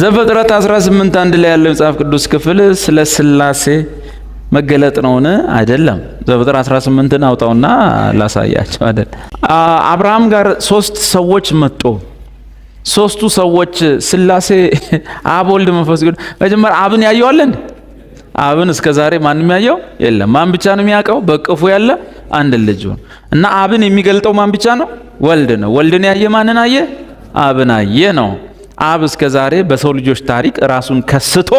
ዘፍጥረት 18 አንድ ላይ ያለው መጽሐፍ ቅዱስ ክፍል ስለ ስላሴ መገለጥ ነውን? አይደለም። ዘፍጥረት 18ን አውጣውና ላሳያቸው። አይደል አብርሃም ጋር ሶስት ሰዎች መጡ። ሶስቱ ሰዎች ስላሴ አብ፣ ወልድ፣ መንፈስ ቅዱስ። መጀመሪያ አብን ያየዋለን። አብን እስከ ዛሬ ማንም ያየው የለም። ማን ብቻ ነው የሚያውቀው? በቅፉ ያለ አንድ ልጅ እና አብን የሚገልጠው ማን ብቻ ነው? ወልድ ነው። ወልድን ያየ ማንን አየ? አብን አየ ነው አብ እስከ ዛሬ በሰው ልጆች ታሪክ ራሱን ከስቶ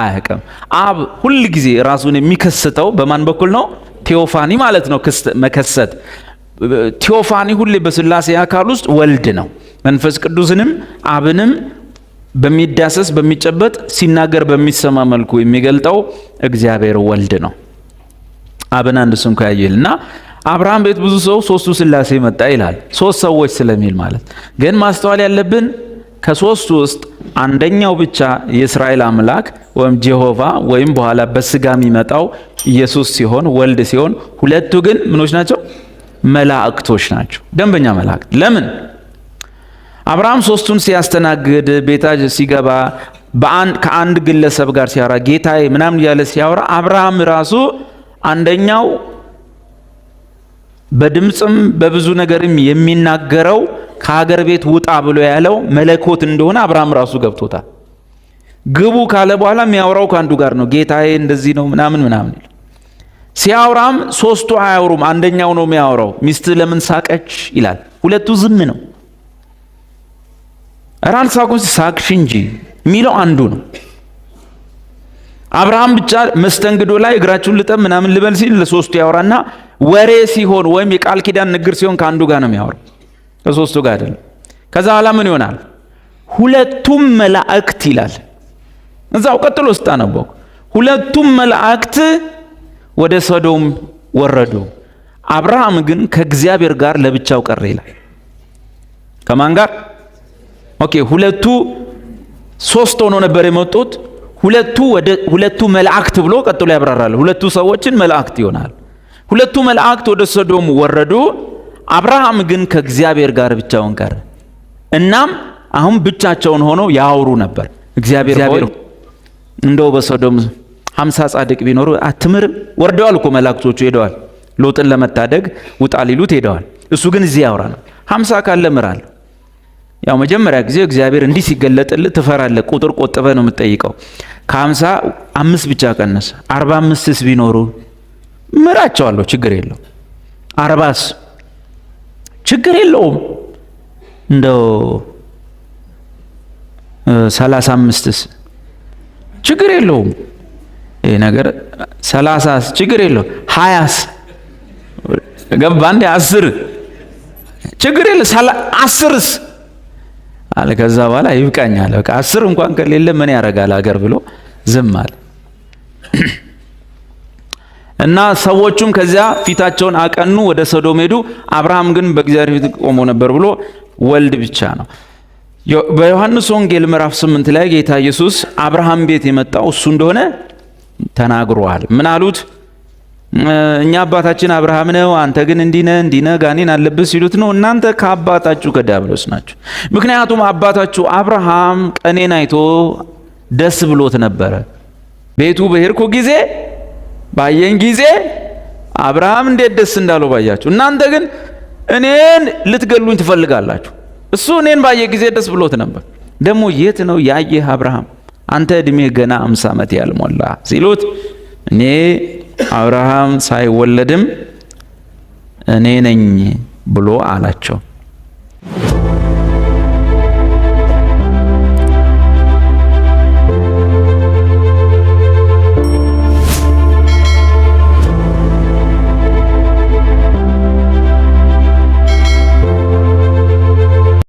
አያውቅም። አብ ሁል ጊዜ ራሱን የሚከስተው በማን በኩል ነው? ቴዎፋኒ ማለት ነው መከሰት። ቴዎፋኒ ሁሌ በስላሴ አካል ውስጥ ወልድ ነው። መንፈስ ቅዱስንም አብንም በሚዳሰስ በሚጨበጥ ሲናገር በሚሰማ መልኩ የሚገልጠው እግዚአብሔር ወልድ ነው። አብን አንድ ስም ያየል እና አብርሃም ቤት ብዙ ሰው ሶስቱ ስላሴ መጣ ይላል ሶስት ሰዎች ስለሚል ማለት ግን ማስተዋል ያለብን ከሶስቱ ውስጥ አንደኛው ብቻ የእስራኤል አምላክ ወይም ጄሆቫ ወይም በኋላ በስጋ የሚመጣው ኢየሱስ ሲሆን ወልድ ሲሆን፣ ሁለቱ ግን ምኖች ናቸው? መላእክቶች ናቸው። ደንበኛ መላእክት። ለምን አብርሃም ሶስቱን ሲያስተናግድ ቤታ ሲገባ ከአንድ ግለሰብ ጋር ሲያወራ ጌታዬ ምናምን እያለ ሲያወራ አብርሃም ራሱ አንደኛው በድምፅም በብዙ ነገርም የሚናገረው ከሀገር ቤት ውጣ ብሎ ያለው መለኮት እንደሆነ አብርሃም ራሱ ገብቶታል። ግቡ ካለ በኋላ የሚያወራው ከአንዱ ጋር ነው። ጌታዬ እንደዚህ ነው ምናምን ምናምን ሲያወራም ሶስቱ አያወሩም፣ አንደኛው ነው የሚያወራው። ሚስት ለምን ሳቀች ይላል። ሁለቱ ዝም ነው። ኧረ አልሳቁም፣ ሳቅሽ እንጂ የሚለው አንዱ ነው። አብርሃም ብቻ መስተንግዶ ላይ እግራችሁን ልጠብ ምናምን ልበል ሲል ለሶስቱ ያወራና ወሬ ሲሆን ወይም የቃል ኪዳን ንግር ሲሆን ከአንዱ ጋር ነው የሚያወራው። ከሶስቱ ጋር አይደለም። ከዛ ኋላ ምን ይሆናል? ሁለቱም መላእክት ይላል እዛው ቀጥሎ ስታነበው ሁለቱም መላእክት ወደ ሰዶም ወረዱ፣ አብርሃም ግን ከእግዚአብሔር ጋር ለብቻው ቀረ ይላል። ከማን ጋር? ኦኬ ሁለቱ ሶስት ሆኖ ነበር የመጡት። ሁለቱ ወደ ሁለቱ መላእክት ብሎ ቀጥሎ ያብራራል። ሁለቱ ሰዎችን መላእክት ይሆናል። ሁለቱ መላእክት ወደ ሰዶም ወረዱ አብርሃም ግን ከእግዚአብሔር ጋር ብቻውን ቀረ። እናም አሁን ብቻቸውን ሆነው ያወሩ ነበር። እግዚአብሔር ሆይ እንደው በሶዶም ሀምሳ ጻድቅ ቢኖሩ አትምርም? ወርደዋል እኮ መላእክቶቹ ሄደዋል። ሎጥን ለመታደግ ውጣ ሊሉት ሄደዋል። እሱ ግን እዚህ ያወራ ነው። ሀምሳ ካለ ምራል። ያው መጀመሪያ ጊዜ እግዚአብሔር እንዲህ ሲገለጥልህ ትፈራለህ። ቁጥር ቆጥበ ነው የምትጠይቀው። ከሀምሳ አምስት ብቻ ቀነሰ። አርባ አምስትስ ቢኖሩ ምራቸዋለሁ፣ ችግር የለው። አርባስ ችግር የለውም። እንደው ሰላሳ አምስትስ ችግር የለውም። ይህ ነገር ሰላሳስ ችግር የለው ሀያስ ገባ እንደ አስር ችግር የለ አስርስ አለ። ከዛ በኋላ ይብቃኛል በቃ አስር እንኳን ከሌለ ምን ያደርጋል ሀገር ብሎ ዝም አለ። እና ሰዎቹም ከዚያ ፊታቸውን አቀኑ፣ ወደ ሶዶም ሄዱ። አብርሃም ግን በእግዚአብሔር ፊት ቆሞ ነበር ብሎ ወልድ ብቻ ነው። በዮሐንስ ወንጌል ምዕራፍ 8 ላይ ጌታ ኢየሱስ አብርሃም ቤት የመጣው እሱ እንደሆነ ተናግሯል። ምን አሉት? እኛ አባታችን አብርሃም ነው፣ አንተ ግን እንዲነ እንዲነ ጋኔን አለብህ ሲሉት ነው እናንተ ከአባታችሁ ከዲያብሎስ ናችሁ። ምክንያቱም አባታችሁ አብርሃም ቀኔን አይቶ ደስ ብሎት ነበረ። ቤቱ በሄድኩ ጊዜ ባየን ጊዜ አብርሃም እንዴት ደስ እንዳለው ባያችሁ። እናንተ ግን እኔን ልትገሉኝ ትፈልጋላችሁ። እሱ እኔን ባየ ጊዜ ደስ ብሎት ነበር። ደግሞ የት ነው ያየህ አብርሃም አንተ እድሜ ገና አምሳ ዓመት ያልሞላ ሲሉት እኔ አብርሃም ሳይወለድም እኔ ነኝ ብሎ አላቸው።